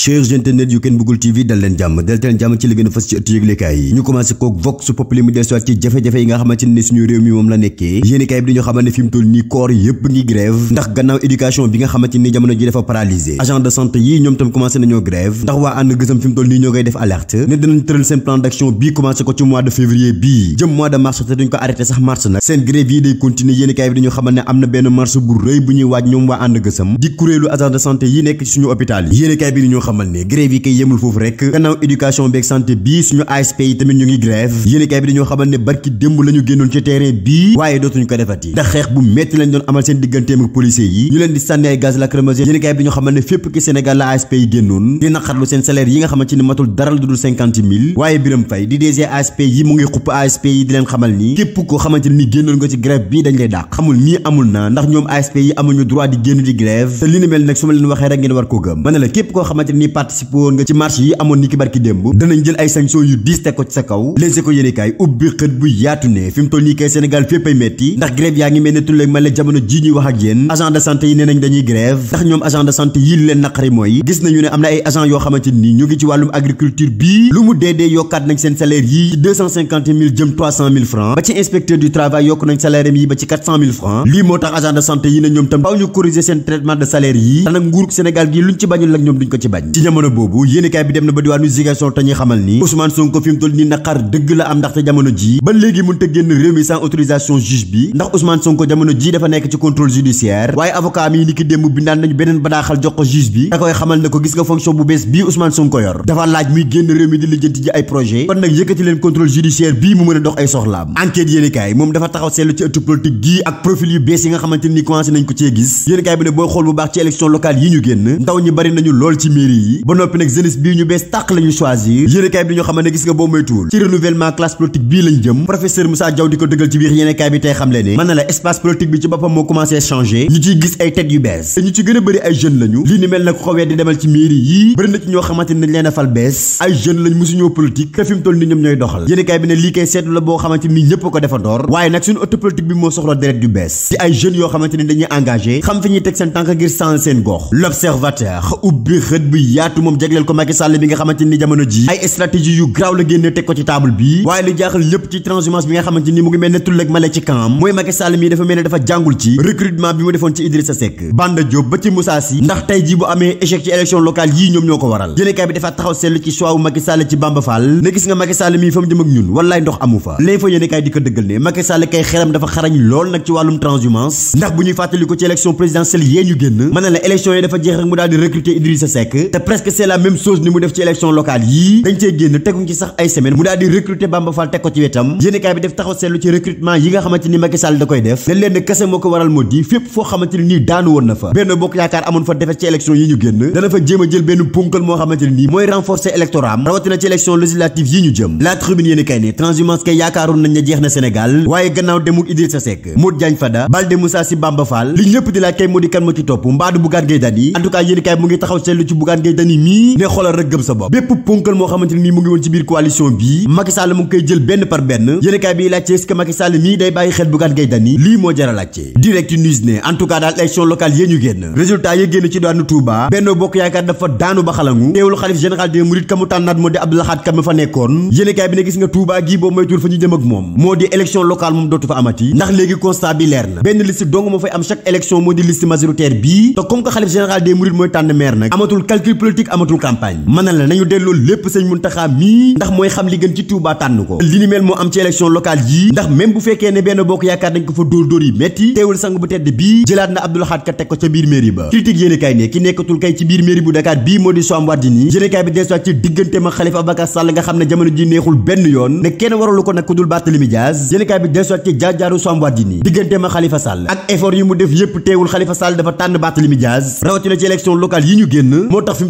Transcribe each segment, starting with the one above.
chers internet yu Ken Bugul TV dal leen jàmm dal leen jàmm ci li gën a fës ci ëttu yëglekaay yi ñu commencé kook vox populi yi nga xamante ni jamono ji dafa paralysé agent de santé yi ñoom tam commencé nañoo grève ndax waa ànd gësam fi mu toll nii ñoo koy def alerte ne dinañ tëral ko ci mois de février bii jëm mois de mars te duñ ko arrêté sax mars nag seen grève yi day continuer yéenekaay bi dañoo xamante ne am na benn marche bu rëy bu ñuy waaj ñoom waa ànd gësam di kuréelu agent de santé yi nekk ci suñu hôpital yi xamal yi kay yemul foofu rek gannaaw éducation beeg santé bi suñu ASP yi tamit ñu ngi grève yéenekaay bi dañoo xamal ne barki démb la génnoon ci terrain bii waaye dootuñu ko defati ndax xeex bu metti lañ doon amal seen digganteem ak policiers yi ñu leen di sànni gaz lacrymogène yéenekaay bi dañoo xamal ne fépp ki Sénégal la ASP yi génnoon di naqarlu seen salaire yi nga xamante ni matul dara lu dul waaye Birame Faye di DG ASP yi mu ngi xupp ASP yi ni participé woon nga ci marche yi amoon ni ki barki démb danañ jël ay sanctions yu diis teg ko ci sa kaw les éco yéenekaay ubbi xët bu yaatu ne fi mu toll nii kay Sénégal fépp ay metti ndax grève yaa ngi mel ne tulleeg male jamono ji ñuy wax ak yéen agent de santé yi nee nañ dañuy grève ndax ñoom agent de santé yi leen naqari mooy gis nañu ne am na ay agent yoo xamante ni ñu ngi ci wàllum agriculture bii lu mu deedee yokkaat nañ seen salaire yi ci 250 000 jëm 300 000 francs ba ci inspecteur du travail yokk nañ gi luñ ci bañul ak ñoom duñ ko ci bañ ci jamono boobu yéenekaay bi dem na ba diwaanu Ziguinchor te ñuy xamal ni Ousmane Sonko fi mu toll ni naqar dëgg la am ndaxte jamono ji ba léegi mënta génn réew mi sans autorisation juge bi ndax Ousmane Sonko jamono ji dafa nekk ci contrôle judiciaire waaye avocat mi ni ki démb bindaan nañu beneen badaaxal jox ko juge bi da koy xamal ne ko gis nga fonction bu bees bii Ousmane Sonko yor dafa laaj muy génn réew mi di lijjanti ji ay projet kon nag yëkkati leen contrôle judiciaire bii mu mën a dox ay soxlaam enquête ni commencé nañ ko cee gis yéenekaay bi ne booy yi ñu ndaw ñi bari nañu lool ci mairie yi ba noppi nag jeunesse bii ñu bees tàq la choisir yéenekaay bi ñu xamal ne gis nga boo moytuwul ci renouvellement classe politique bii lañ jëm professeur Moussa Diaw di ko dëggal ci biir yéenekaay bi ne na la espace politique bi ci boppam moo commencé changer ñu ciy gis ay tête yu bees te ñu ci gën a lii ni a fal bees ay jeunes lañ seetlu la boo xamante ni ñëpp ko defandoor waaye nag suñu auto politique bi moo soxla deret yu bees ci ay jeunes yoo xamante ni dañuy engagé xam fi ñuy teg seen tànk ngir sens seen gox l'observateur ubbi xët bi yaatu moom jagleel ko Macky Sall bi nga xamante ni jamono ji ay stratégie yu graaw la génne teg ko ci table bi waaye lu jaaxal lépp ci transhumance bi nga xamante ni mu ngi mel ne tull ak male ci camp mooy Macky mii dafa mel ne dafa jàngul ci recrutement bi mu defoon ci Idrissa Seck Banda Diop ba ci Moussa ndax tey ji bu amee échec ci élection locale yii ñoom ñoo ko waral yéenekaay bi dafa taxaw seetlu ci choix wu ci Bamba ne lool nag ci wàllum transhumance ko ci élection présidentielle yee ñu génn mën na presque c'est la même chose ni mu def ci élection locale yii dañ cee génn teguñ ci sax ay semaine mu daal di recruter Bamba ko ci wetam yéenekaay bi def taxaw seetlu ci recrutement yi ñu génn dana fa jéem jël benn punkal moo xamante mooy renforcer électorat rawatina ci élection législative yi ñu jëm la tribune yéenekaay ne transhumance kay yaakaaroon nañ ne jeex na Sénégal waaye gannaaw demul Idrissa Seck Modou Diagne Fada Baldé Moussa Sy Bamba Fall li Gueye ne xoolal rek gëm sa bopp bépp ponkal moo xamante mu ngi woon ci biir coalition bi Macky mu ngi koy jël benn par benn yéenekaay bi laajte est-ce que Macky Sall mii day bàyyi xel Bougane Gueye Dany lii moo jar a laajte Direct News ne en tout cas daal élection locale yée ci daanu Touba Benno Bokk Yaakaar dafa daanu ma fa nekkoon yéenekaay bi ne gis nga Touba gii boo moytuwul fa ñu jëm ak moom moo di élection locale moom dootu fa amati ndax léegi constat politique amatul campagne mën la nañu delloo lépp sëñ Muntaxa mii ndax mooy xam li gën ci Touba tànn ko li ni mel moo am ci élection locale yii ndax même moo di ci diggante ma yi ñu génn moo tax fi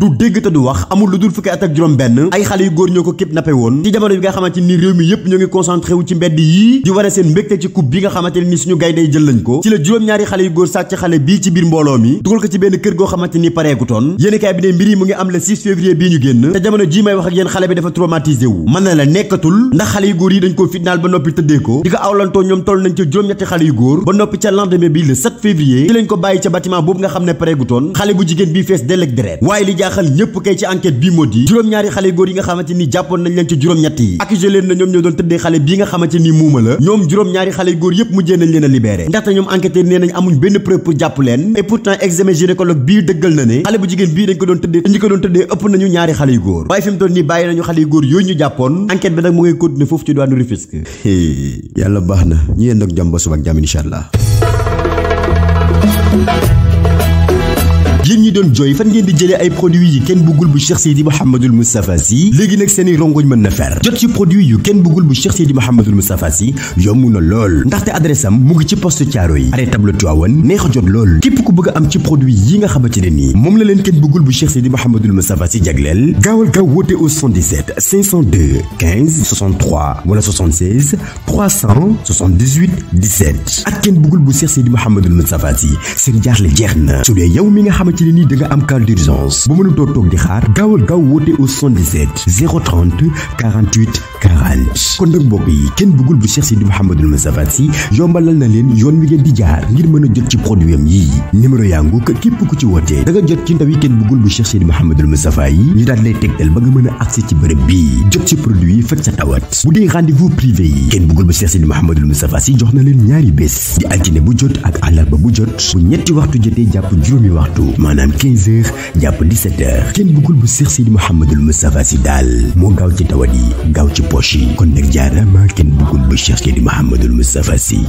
la du dégg te du wax amul lu dul fukki at ak juróom benn ay xale yu góor ñoo ko kidnappé woon ci jamono bi nga xamante ni réew mi yépp ñoo ngi concentré ci mbedd yii di wane seen mbégte ci coupe bi nga xamante ni suñu gaynde jël lañ ko ci la juróom-ñaari xale yu góor sàcc xale bii ci biir mbooloo mi dugal ko ci benn kër goo xamante ni pareegutoon yéenekaay bi ne mbir yi mu ngi am le 6 février bii ñu génn te jamono ji may wax ak yéen xale bi dafa na la nekkatul ndax xale yu góor ba noppi tëddee ko di ko awlantoo ñoom toll nañ ca juróom-ñetti ba noppi ca lendemain bi le 7 février ci lañ ko bàyyi ca bâtiment boobu nga xam ne pareegutoon xale bu jigéen bii fees jaaxal ñëpp kay ci enquête bi moo di juróom-ñaari xale góor yi nga xamante ni jàppoon nañ leen ci juróom-ñett yi accusé leen na ñoom ñoo doon tëddee xale bii nga xamante ni muuma la ñoom juróom-ñaari xale góor yëpp mujjee nañ leen a libéré ndaxte ñoom enquêteur benn preuve pour jàpp leen et examen gynécologue bii dëggal na ne xale bu jigéen bii dañ ko doon tëddee ñi ko doon tëddee ëpp nañu ñaari xale yu góor yooyu ñu jàppoon enquête bi yéen ñi doon jooy fan ngeen di jëlee ay produits yi kenn bëggul bu Cheikh Seydi Mouhamadul Moustapha léegi nag seeni rongoñ mën na fer jot ci produit yu kenn bëggul bu Cheikh Seydi Mouhamadul Moustapha Sy yomb na lool ndaxte adresse mu ngi ci poste Thiaroye yi arrêt table Tivaouane neex a jot lool képp a am ne nii moom la leen kenn bëggul bu Cheikh Seydi Mouhamadul Moustapha Sy jagleel gaawal gaaw woote au 77 502 15 63 wala 76 300 ak kenn bëggul bu Cheikh Seydi Mouhamadul Moustapha Sy seen jaaxle jeex na su dee yow ci ne ni da nga am cas d'urgence bu mënutoo toog di xaar gaawal gaaw woote au 77 030 48 40 kon nag mbokk yi kenn bëggul bu Cheikh Sidi Mouhamadul Moustapha Sy yombalal na leen yoon wi ngeen di jaar ngir mën a jot ci produit am yii numéro yangu que képp ku ci wootee da nga jot ci ndawi kenn bëggul bu Cheikh Sidi Mouhamadul Moustapha yi ñu daal lay tegtal ba nga mën a accès ci bërëb bii jot ci produit yi faj sa tawat bu dee rendez privé yi kenn bëggul bu Cheikh Sidi Mouhamadul Moustapha Sy jox na leen ñaari bés di altine jot ak jot bu ñetti waxtu jotee jàpp juróomi waxtu maanaam 15 heures jàpp 17 heures kenn bëggul bu Seex Seydi Mouhamadul Moustapha si daal moo gaaw ci tawat yi gaaw ci poche yi kon nag jaarama kenn bëggul bu Seex Seydi Mouhamadul Moustapha si